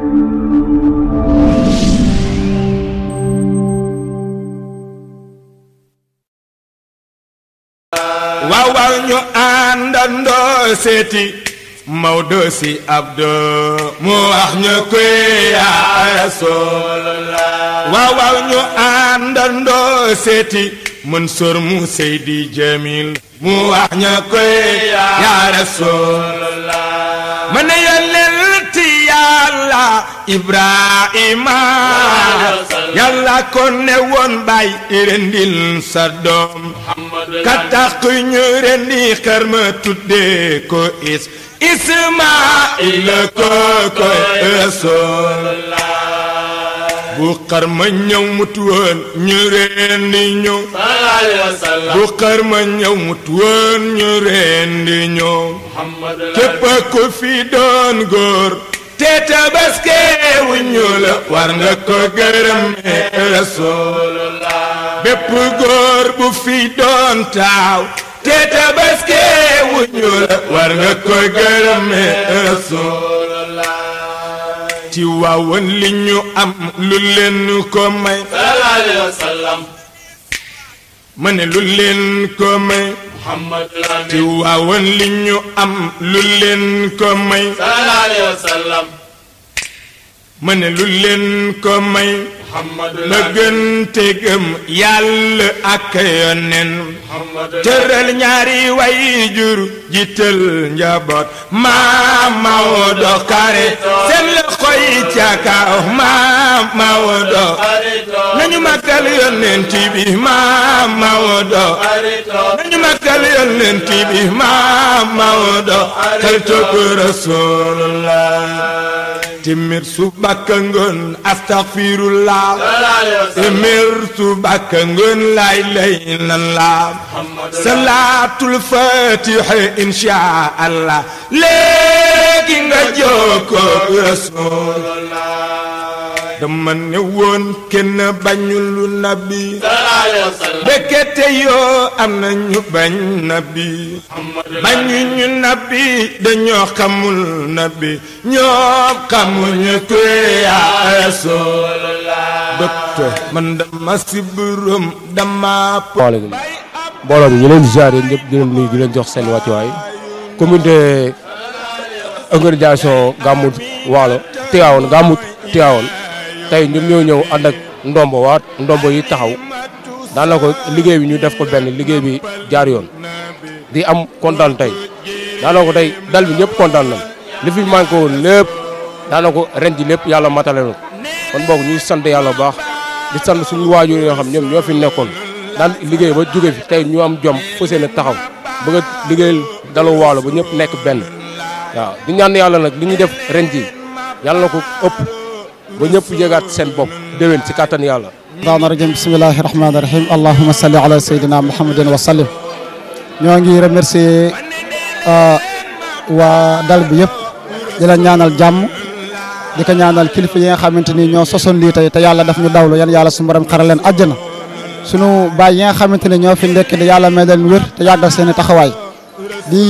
waaw waaw ñu àndandoo seeti Maodo si Abdou mu wax ñu koy yaa Rasulullah waaw waaw ñu àndandoo seeti Mansour mu Seydi Jamil mu wax ñu koy yaa Rasulullah yàlla Ibrahima ko ne woon bay rendil sa doom katax ñu rendi xar ma tuddee ko ko ko rasool ma ñëw mut woon ñu bu xar ma ñëw mut woon ñu rendi ñu képp ku fi doon góor te tabaske wuñu la war nga ko gërëme rasulullah bépp góor bu fi doon taaw te tabaske wuñu la war nga ko gërëme rasulullah ci waawoon li li ñu am lu leen ko may ma ne lu leen ko may la gën te gëm yàlla ak yonen tëral ñaari way jur jital njaboot maa Maodo xare seen koy cakaaw maa Maodo nañu makkal yonent bi maa Maodo nañu makkal yonent téeméer suba ka ngoon astaghfirullah téeméer suba ka ngoon lay lay lan la salaatul fatih insha allah léegi nga jokkoo rasulullah Ya dama won ken bañu lu nabi bekete yo amna ñu bañ nabi ñu nabi dañu xamul nabi ñoo xamuñu man dama burum dama ñu leen ziar di tey ñoom ñoo ñëw ànd ak ndombo waa ndombo yi taxaw daanaka liggéey bi ñu def ko benn liggéey bi jaar yoon di am kontaan tey daanaka tey dal bi ñëpp kontaan nañ li fi manqué woon lépp daanaka ren ji lépp yàlla matale na kon boog ñuy sant yàlla baax di sant suñu waajur yoo xam ñoom ñoo fi nekkoon daan liggéey ba jóge fi tey ñu am jom fas yéene taxaw bëgg a liggéeyal dalu waalo ba ñëpp nekk benn waaw di ñaan yàlla nag li ñuy def ren ji yàlla ëpp ba ñëpp yëgaat seen bopp déwén ci kàttan yàlla daan rajim bismillahi rahmaani rahim allahuma salli ala sayyidina muhammadin wa sallim ñoo ngi remercier euh, waa dal bi yëpp di la ñaanal jàmm di ko ñaanal kilifa yi nga xamante ni ñoo sosoon lii tey te yàlla def ñu dawlu yan yàlla su borom xara leen àjjana sunu baay yi nga xamante ne ñoo fi ndekk di yàlla may leen wér te yàggal seen i taxawaay di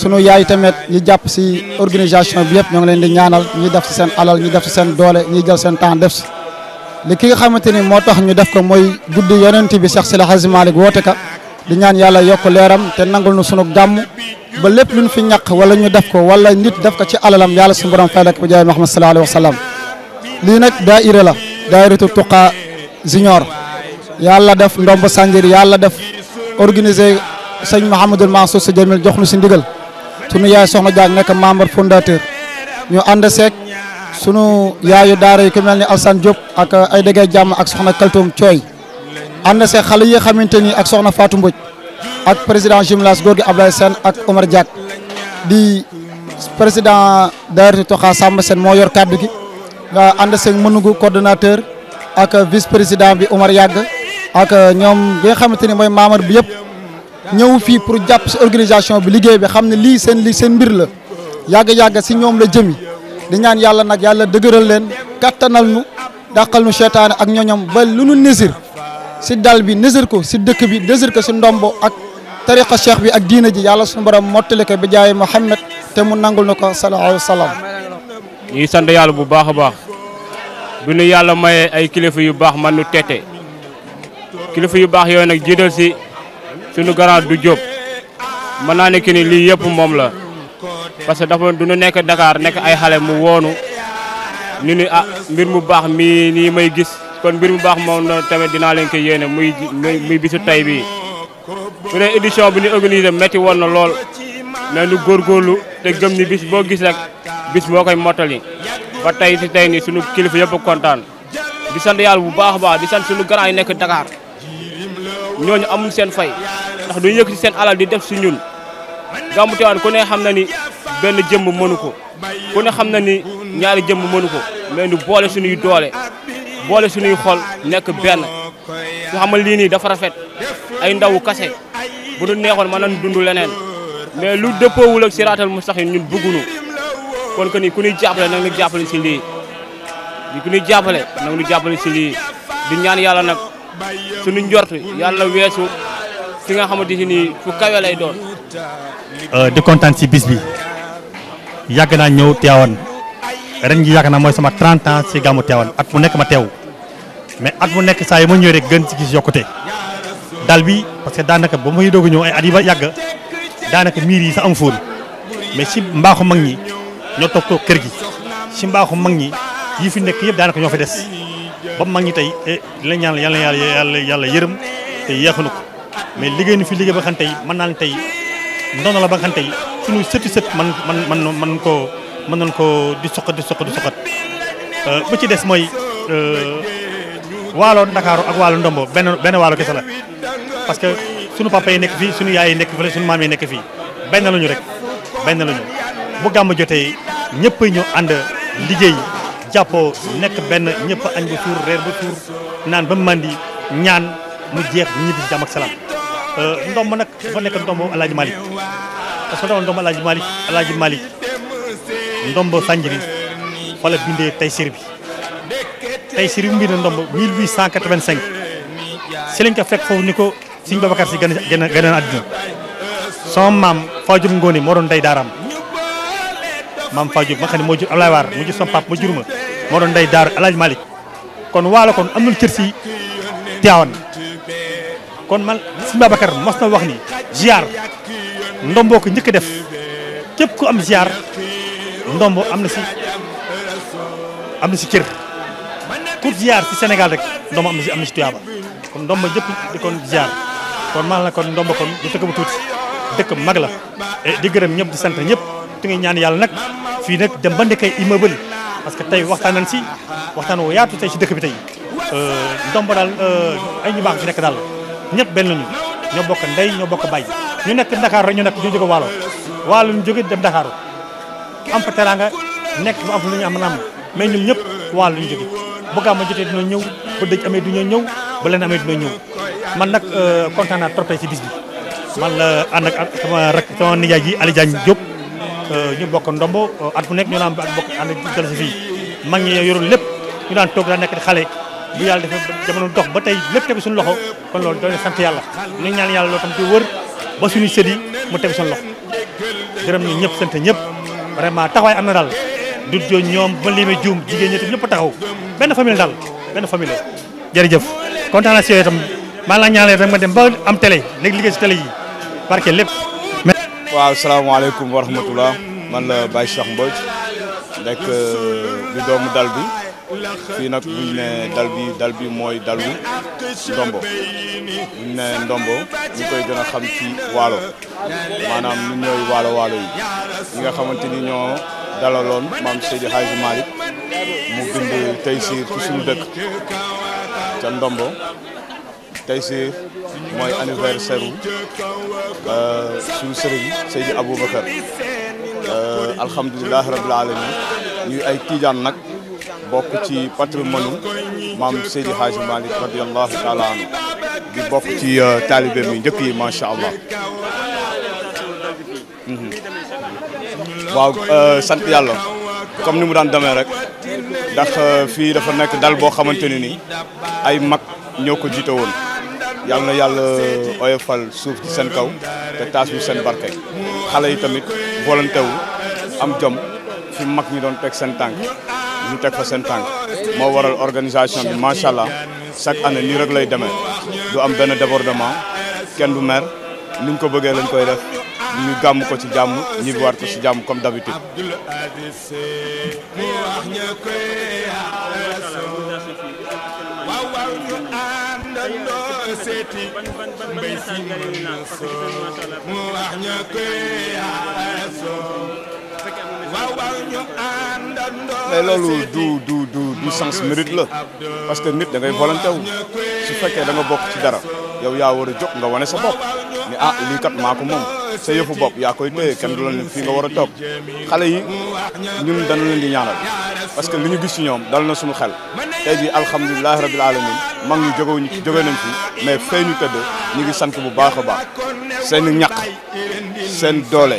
sunu yaay tamit ñi jàpp si organisation bi yëpp ñoo ngi leen di ñaanal ñi def si seen alal ñi def si seen doole ñi jël seen temps def si li ki nga xamante ni moo tax ñu def ko mooy guddi yonent bi si Sila Hadji Malick woote ka di ñaan yàlla yokk leeram te nangul nu sunu gàmm ba lépp luñ fi ñàq wala ñu def ko wala nit def ko ci alalam yàlla si borom fay lak ba jaay Muhammad sallallahu alayhi wa sallam lii nag daaira la daairatu Touqa junior yàlla def ndomb sànjir yàlla def organiser sëñ Mouhamadul Mansour si jamil jox nu si ndigal sunu yaay soxna Diagne nekk membre fondateur ñu ànd seeg sunu yaay daara yi ku mel ni Alsane Diop ak ay dëggee jàmm ak soxna Kaltoum Thioy ànd seeg xale yi xamante ni ak soxna faatu Mbodj ak président Jumlas góor gi Ablaye ak Omar Diak di président daayira Toxa Samba seen moo yor kàddu gi nga ànd seeg mënugu coordonnateur ak vice président bi Omar Yàgg ak ñoom bi nga xamante ni mooy membre bi yëpp. ñëw fii pour jàpp si organisation bi liggéey bi xam ne lii seen lii seen mbir la yàgg-yàgg si ñoom la jëmi di ñaan yàlla nag yàlla dëgëral leen kàttanal nu dàqal nu seetaane ak ñoñom ba lu nu nisir si dal bi nisir ko si dëkk bi nisir ko si ndombo ak tariqa cheikh bi ak diina ji yàlla suñu bara mottali ko bi jaay Muhammad te mu nangul na ko salaahu salaam. ñuy sant yàlla bu baax a baax bi nu yàlla mayee ay kilifa yu baax man nu tete kilifa yu baax sunu grand du Diop mën naa ne que ni lii yëpp moom la parce que dafa du ñu nekk dakaar nekk ay xale mu woonu ni ni ah mbir mu baax mii nii may gis kon mbir mu baax moom la tamit dinaa leen ko muy muy bisu tey bii. su dee bi ñu organisé métti woon na lool mais nu góorgóorlu te gëm ni bis boo gis rek bis moo koy mottali ba tey si tey nii suñu kilifa yëpp kontaan. di sant yàlla bu baax a baax di sant suñu grand yi nekk Dakar ñooñu amul seen fay ndax duñu yëkkati seen alal di def si ñun gàmmu wan ko ne xam na ni benn jëmm mënu ko ku ne xam na ni ñaari jëmm mënu ko mais boole suñuy doole boole suñuy xol nekk benn su xamal lii nii dafa rafet ay ndawu kase bu nu neexoon mën nan dund leneen mais lu dëppoowul ak siraatal mustaqiim ñun bëggunu kon que ni ku ñuy jàppale nag nu jàppale si lii ku ñuy jàppale nag nu jàppale si lii di ñaan yàlla nag suñu njort yàlla weesu fi nga xamanteni ni fu kawé lay doon. Euh, di kontaan ci bis bi yag na ñew teewoon ren gi yag na moy sama 30 ans si gamu teewoon at mu nek ma teew mais at mu nek saa yi ma rek gën si gis yokuté dal bi parce que danaka ba muy dogu a ay adiba yag danaka miri sa am fóon mais si mbaxu mag ñi ñoo toog toog kër gi ci mbaxu mag ñi yi fi nek yeb danaka ñoo fi des ba mag ñi tey eh, la ñaan yalla yalla yalla yalla yërëm te yeexunu ko mais liggéey ni fi liggéey ba xam tey mën naa ne tey ndono la ba xam tey suñu sëti sët man man man mën koo mën nañ koo di soqat di soqat di soqat euh, bu ci des mooy euh, waalo Ndakaaru ak waalo Ndombo benn benn waalo kese la parce que suñu papa yi nekk fii suñu yaay yi nekk fii suñu maam yi nekk fii benn lañu rek na lañu bu gàmm jotee ñëpp ñu ànd liggéey jàppoo nekk benn ñëpp añ ba suur reer ba suur naan ba mandi ñaan mu jeex ñibbi jàmm ak salaam Euh, ndomb nag dafa nekk ndomb alaaj Malick parce que dafa ndomb Alaaji Malick Alaaji Malick ndomb Sanjiri fa la bi Taysir bi mu bind ndomb 1885 si lañ ko fekk foofu ni ko siñ Sëñ Babacar Si gën a gën a àddina sama maam Faajub Ngoone moo doon day daaraam maam Faajub ma xam ne moo jur Ablaye Waar mu jur sama pap ma jur moo doon day daar Alaaji Malick kon waalo kon am na cër si Tiwaawan kon man sëñ Babacar mos na wax nii ziar ndomboo ko njëkk def képp ku am ziar ndombo am na si am na si cër ku ziar si Sénégal rek ndombo am na si am na tuyaaba kon ndombo jëpp di kon ziar kon man la kon ndombo kon du tëkk bu tuuti dëkk mag la e, di gërëm ñëpp di sant ñëpp te nga ñaan yàlla nag fii nag dem ba nekkee immeuble parce que tey waxtaan nañ si waxtaan woo yaatu tey si dëkk bi tey e, ndombo daal e, ay ñu baax nekk daal ñepp ben lañu ño bokk nday ño bokk bay ñu nek Dakar ñu nek ñu jóge walu walu ñu jóge dem Dakar am fa teranga nek bu am lu ñu am naam mais ñun ñepp walu ñu jóge bu gàmmu jotee dina ñew bu dëj amee dina ñew bu leen amee dina ñew man nak euh, content na trop ci bis bi man la and ak sama rek sama nijaay ji ali jagne Diop euh, ñu bokk ndombo euh, at bu nek ñu naan at bokk ci jël ci fi mag ñi yoru lepp ñu daan tok daan nek di xale bu yàlla defee jamono dox ba tey lépp tegu sun loxo kon loolu doon sant yalla ñu ñaan yalla lo tam ci wër ba suñu sët mu tebi sun loxo gërëm ñi ñëpp sant ñëpp vraiment taxaway amna dal du jo ñom ba limee joom jigeen ñi tam ñëpp taxaw ben famille dal ben famille la jëf contant na ci yow itam maa la ñaanal rek ma dem ba am télé nek liggéey ci télé yi barke lépp waaw alaykum wa rahmatullah man la Baye Cheikh Mbodj nek euh, di doomu dal bi fii nag buñ ne dal bi dal bi mooy dalu ndombo buñ ne ndombo ñu koy gën a xam ci waalo maanaam ñu ñooy waalo waalo yi ñi nga xamante ni ñoo dalaloon maam Seydi Hadji Malick mu bind Taysiir ci suñu dëkk ca ndombo Taysiir mooy anniversaire u euh, suñu sëriñ Seydi Aboubacar euh, alhamdulilahi alamin ay tiijaan nag bokk ci patrimoine maam Seydi Hadji Malick radiyallahu taala anhu bokk ci euh, taalibe mi njëkk yi macha allah. waaw euh, sant yàlla comme ni mu daan demee rek ndax euh, fii dafa nekk dal boo xamante ne nii ay mag ñoo ko jiite woon yàlla na yàlla oyofal suuf ci seen kaw te taas bi seen barke. xale yi tamit volonté wu am jom fi mag ñi doon teg seen tànk. ñu teg fa seen tànk moo waral organisation bi macha allah chaque année nii rek lay demee du am benn débordement kenn du mer ni ko bëggee lañ koy def ñu gàmm ko ci jàmm war ko ci jàmm comme d'habitude. seeti mbay si mu wax ña koy aasoo mais loolu du du du du sens mérite la parce que nit da ngay volonté wu fekkee da bokk ci dara yow yaa war a jóg nga wane sa bopp ni ah lii kat maa ko moom sa yëfu bopp yaa koy téye kenn du la ne fii nga war a toog xale yi ñun dañu leen di ñaanal parce que li ñu gis ci ñoom dal na suñu xel tey jii alhamdulilahi rabil alamin mag ñu jógewuñu jóge nañ fi mais fee ñu tëdd ñu ngi sant bu baax a baax seen ñaq seen doole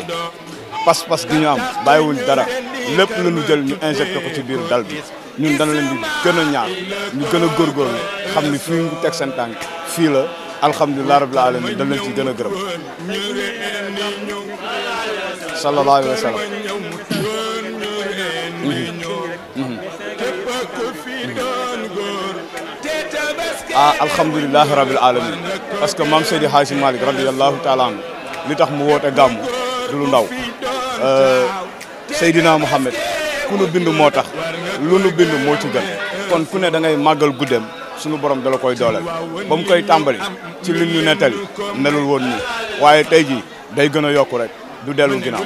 pas-pas gi ñu am bàyyiwul dara lépp la ñu jël ñu injecté ko ci biir dal bi ñun dana leen di gën a ñaax ñu gën a góorgóorlu xam ni fii ñu teg seen tànk fii la alhamdulilah rabbil alamin dana leen ci gën a gërëm sallallahu alayhi wa sallam ah alhamdulilah rabbil alamin parce que maam Seydi Hadji Malick radiyallahu taala li tax mu woote gàmmu du lu ndaw Seydina Mouhamed ku nu bind moo tax lu nu bind moo ci gën kon ku ne dangay ngay màggal guddeem sunu borom dala koy dooleel ba mu koy tàmbali ci li ñu nettali melul woon nii waaye tey jii day gën a yokku rek du dellu ginnaaw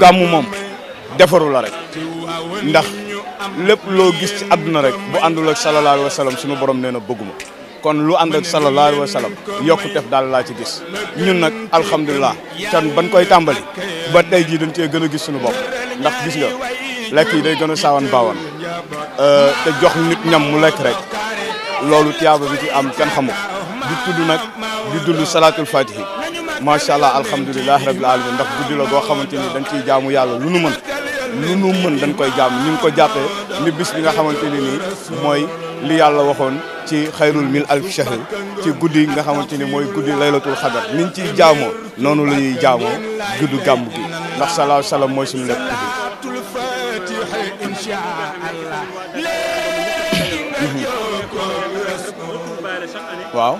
gàmmu moom defaru la rek ndax lépp loo gis ci àdduna rek bu àndul ak sallallahu alayhi wa sallam sunu borom nee na bëgguma kon lu ànd ak sallallahu alayhi wa sallam yokku tef daal laa ci gis ñun nag alhamdulilah can ban koy tàmbali ba tey jii dañ cee gën a gis sunu bopp ndax gis nga lekk yi day gën a saawan baawan euh, te jox nit ñam mu lekk rek loolu tiyaaba bi ci am kenn xamu di tudd nag di dund salaatul fatihi macha allah alhamdulilahi rabil alamin ndax guddi la boo xamante ni dañ ciy jaamu yàlla lu nu mën lu nu mën dañ koy jaam ñu ngi ko jàppee ni bis bi nga xamante ni mooy li yàlla waxoon ci xayrul mil alf shahr ci guddi nga xamante ni mooy guddi laylatul xadar niñ ciy jaamoo noonu la ñuy jaamoo guddu gàmm gi ndax salaahu salaam mooy suñu lépp. waaw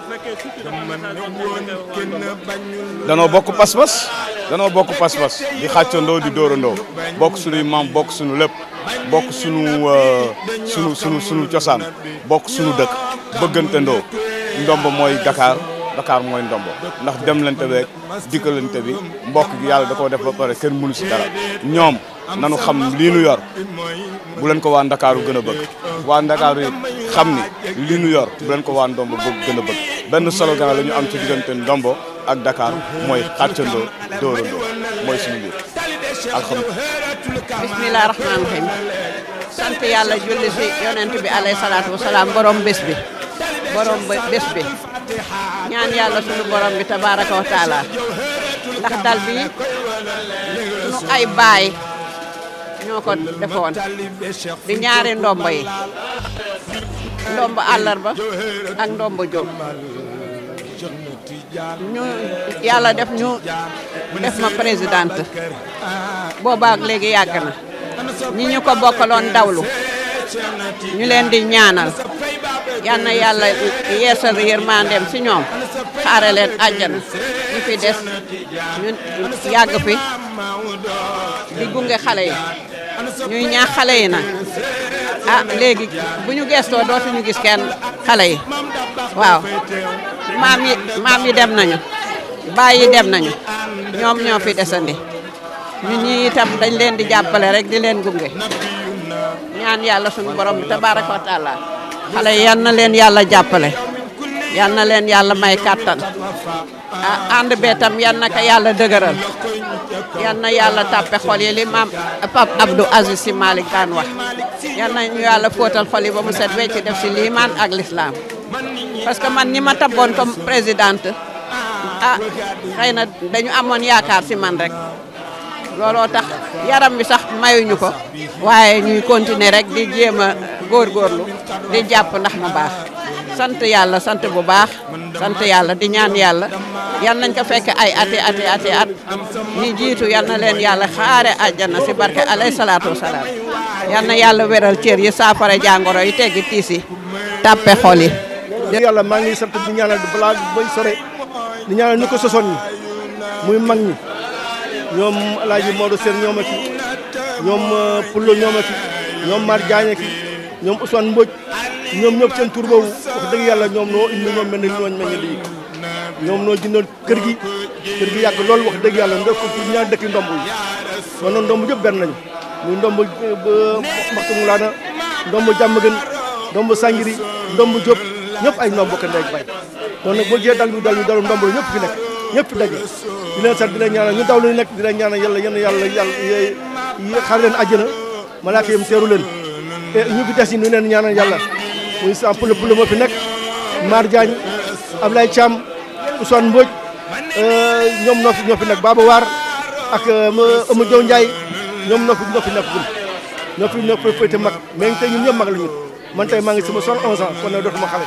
danoo bokk pas-pas danoo bokk pas-pas di xàccandoo di doorandoo bokk suñuy maam bokk suñu lépp bokk suñu euh, suñu suñu suñu cosaan bokk suñu dëkk bëggantandoo ndomb mooy Dakar Dakar mooy ndombo ndax dem lante beeg bi mbokk gi yàlla da def ba pare kenn mënu si dara ñoom nanu xam lii yor bu leen ko waa ndakaaru gën a bëgg waa ndakaaru yi xam ni lii yor bu leen ko waa ndombo bëgg gën bëgg benn solo gana lañu am ci diggante ndombo ak Dakar mooy xàccandoo dóorandoo mooy suñu biir alhamdulilah bisimilah rahmaani rahim sant yàlla julli si yonent bi alayhi salaatu wasalaam borom borom bés bi ñaan yàlla suñu borom bi tabaraka wa ndax dal bi nu ay baay ñoo ko defoon di ñaari ndombo yi ndombo àllarba ak ndombo jóg ñu yàlla def ñu def ma présidente boobaak léegi yàgg na ñi ñu ko bokkaloon dawlu ñu leen di ñaanal Yana na yàlla yeesal yërmandeem ci ñom xare len aljana ñu fi dess ñun yag fi di gungé xalé yi ñuy ñaax xalé yi nag ah legi, bu ñu gestoo ñu gis kenn xalé yi waaw mami mami dem nañu bayi dem nañu ñom ñoo fi dessandi ñun ñi itam dañ leen di jappalé rek di leen gunge ñaan yalla suñu borom tabaaraku taala xale yal na leen yàlla jàppale yal na leen yàlla may kàttan ànd bee tam yal na ko yàlla dëgëral yan na yàlla tàppe xol yi li maam Pape Abdou Aziz Sy Malick daan wax yal na ñu yàlla fóotal xol yi ba mu set wecc def si liimaan ak lislaam parce que man ni ma taboon comme président ah xëy na dañu amoon yaakaar si man rek lolo tax yaram bi sax mayuñu ko waye ñuy continuer rek di jéem gor góorgóorlu di japp ndax mu baax sante yalla sante bu baax sante yalla di ñaan yalla yalla nañ ko fekk ay ati ati ati at ni jitu yalla na leen yàlla xaare àjjana barke alay salatu salam yalla yalla wéral cër yi saafara jangoro yi teggi tisi tapé xoli yalla ma ngi sante di ñaanal blague bay sore di ñaanal ñuko ko muy mag ñoom El Hadj Modou Sène ñoom ak i ñoom euh, Pullo ñoom ak i ñoom Mar Diagne ak i ñoom Ousmane Mbodj ñoom ñëpp seen tur boobu wax dëgg yàlla ñoom noo indi ñoom mel ni ñooñ mel ni lii ñoom noo jëndoon kër gi kër gi yàgg loolu wax dëgg yàlla ndef ko pour ñaar dëkki ndomb yi kon noonu ndomb yëpp benn nañu muy ndomb Maxtu euh, Mulaana ndomb Jàmmagën ndomb Sangiri ndomb Jóob ñëpp ay ndomb ko ndey bay kon nag boo jee dal ñu dal ñu ñëpp ñëpp daje di leen sant di leen ñaanal ñu daw lu nekk di leen ñaanal yàlla yenn yàlla yàlla xar leen àjjana malaaka yam teeru leen te ñu fi des yi ñu leen ñaanal yàlla muy sa pël pël moo fi nekk Mar Diagne Ablaye Thiam Ousmane Mbodj euh, ñoom noo fi ñoo fi nekk Baba Waar ak euh, Ama Diaw Ndiaye ñoom noo fi ñoo fi nekk gul ñoo fi ñoo fi féete mag mais tey ñun ñëpp mag la ñu man tey maa ngi sama soixante-onze ans kon nag dootuma xale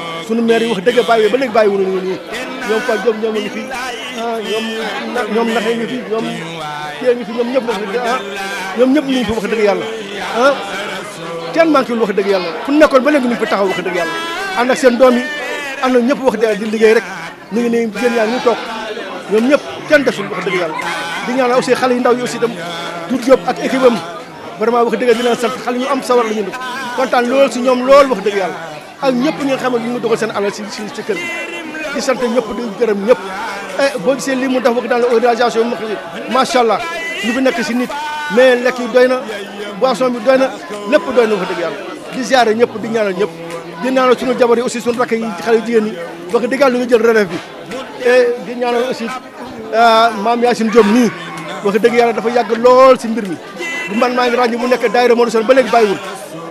sunu maire yi wax dëgg bàyyi ba léegi bàyyi wu ñu nii ñoom Fatou Diop ñoom ngi fi ah ñoom ñoom naxee ngi fi ñoom kii ngi fi ñoom ñëpp nag ñoom ñëpp ñu ngi fi wax dëgg yàlla ah kenn manqué wul wax dëgg yàlla fu nekkoon ba léegi ñu ngi fi taxaw wax dëgg yàlla ànd ak seen doom yi ànd ak ñëpp wax dëgg di liggéey rek ñu ngi nii jigéen yaa ñu toog ñoom ñëpp kenn desul wax dëgg yàlla di ñaanal aussi xale yu ndaw yi aussi itam Doudou Diop ak équipe am vraiment wax dëgg ñu am sawar la ñu def kontaan lool si ñoom lool wax dëgg yàlla ak ñëpp ñi xam ne ñu ngi dogal seen alal si si si kër gi di sant ñëpp di gërëm ñëpp e boo gisee lii mu def wax dans la organisation ma macha allah ñu fi nekk si nit mais lekk yi doy na boisson bi doy na lépp doy na fa dëgg yàlla di ziare ñëpp di ñaanal ñëpp di ñaanal suñu jabar yi aussi suñu rakk yi xale yu jigéen ñi wax dëgg yàlla ñu jël relève bi e di ñaanal aussi ah, maam Yacine Diop nii wax dëgg yàlla dafa yàgg lool si mbir mi bu man maa ngi ràññi mu nekk daayira Modou Sène ba léegi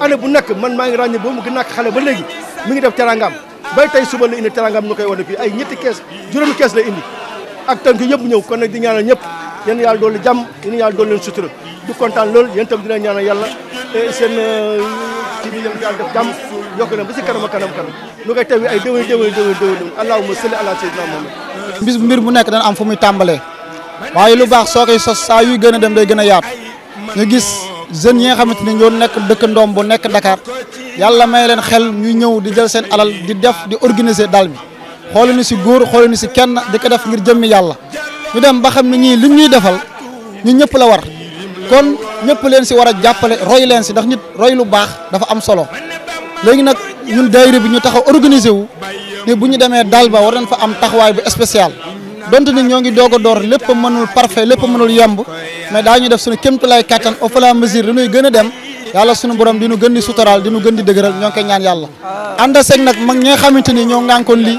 année bu nekk man maa ngi ràññee ba mu gën a xale ba léegi mu ngi def terangaam bay tey suba la indi terangaam ñu koy wane fii ay ñetti kees juróomi kees la indi ak tànk yëpp ñëw kon nag di ñaanal ñëpp yéen yàlla doolu jàmm yéen yàlla doolu leen sutura du kontaan loolu yéen itam dina ñaanal yàlla eh, seen ci eh, bi yéen yàlla ne jàmm yokk na ba si kanam kanam kanam lu koy tawi ay déwén déwén déwén déwén allahumma salli ala sayyidina Muhammad bis mbir mu nekk dana am fu muy tàmbalee waaye lu baax soo koy sos saa yuy gën a dem day gën a yaatu ñu gis jeunes yi nga xamante ne ñoo nekk dëkk ndoom bu nekk Dakar yàlla may leen xel ñu ñëw di jël seen alal di def di organiser daal mi xoolu ni si góor xoolu ni si kenn di ko def ngir jëmmi yàlla ñu dem ba xam ne ñii li ñuy defal ñu ñëpp la war kon ñëpp leen si war a jàppale roy leen si ndax nit roy lu baax dafa am solo léegi nag ñun daayira bi ñu taxaw organiser wu ne bu ñu demee daal ba war nañ fa am taxawaay bu spécial donte ni ñoo ngi doog a door lépp mënul parfait lépp mënul yemb mais daañu def suñu kémtulaay kattan au fur et à lu ñuy gën a dem yàlla suñu borom di nu gën di suturaal di nu gën di dëgëral ñoo ngi ñaan yàlla ànd seeg nag mag ñi nga xamante ni ñoo ngànkoon lii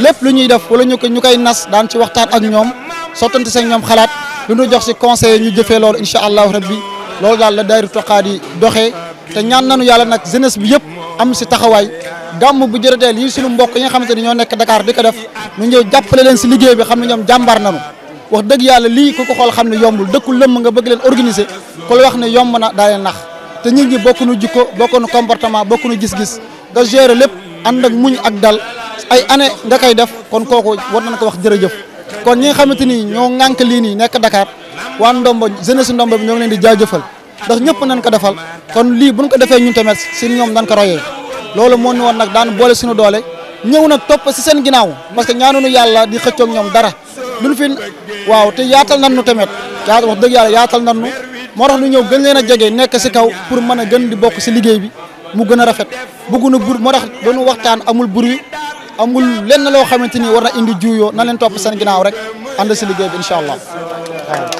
lépp lu ñuy def wala ñu ko ñu koy nas daan ci waxtaan ak ñoom sottante seeg ñoom xalaat lu ñu jox si conseil ñu jëfee loolu incha allahu rabbi loolu daal la daayru toqaat yi doxee te ñaan nanu yàlla nag jeunesse yëpp am si taxawaay gàmm bu jërëtee lii sunu mbokk yi nga xamante ni ñoo nekk dakaar di ko def nu ñëw jàppale leen si liggéey bi xam ne ñoom jàmbaar nañu wax dëgg yàlla lii ku ko xool xam ne yombul dëkkul lëmm nga bëgg leen organiser wax ne yomb na daa leen nax te nit ñi bokku nu jikko bokku nu comportement bokk nu gis-gis nga gérer lépp ànd ak muñ ak dal ay année nga koy def kon kooku war nañ ko wax jërëjëf kon ñi nga xamante ni ñoo ŋànk lii nii nekk Dakar waa ndombo si ndombo bi ñoo ngi leen di jaajëfal ndax ñëpp nañ ko defal kon lii buñ ko defee ñun tamit si ñoom dañ ko royee loolu moo ñu woon nag daan boole suñu doole ñëw nag topp si seen ginnaaw parce que ñaanuñu yàlla di xëccoog ñoom dara luñ fi waaw te yaatal nan nu tamit yaa wax dëgg yàlla yaatal nan nu moo tax ñu ñëw gën leen a jege nekk si kaw pour mën a gën di bokk si liggéey bi mu gën a rafet bëgguñu bur moo tax ba nu waxtaan amul bruit amul lenn loo xamante ni war na indi juuyoo na leen topp seen ginnaaw rek ànd si liggéey bi incha allah waaw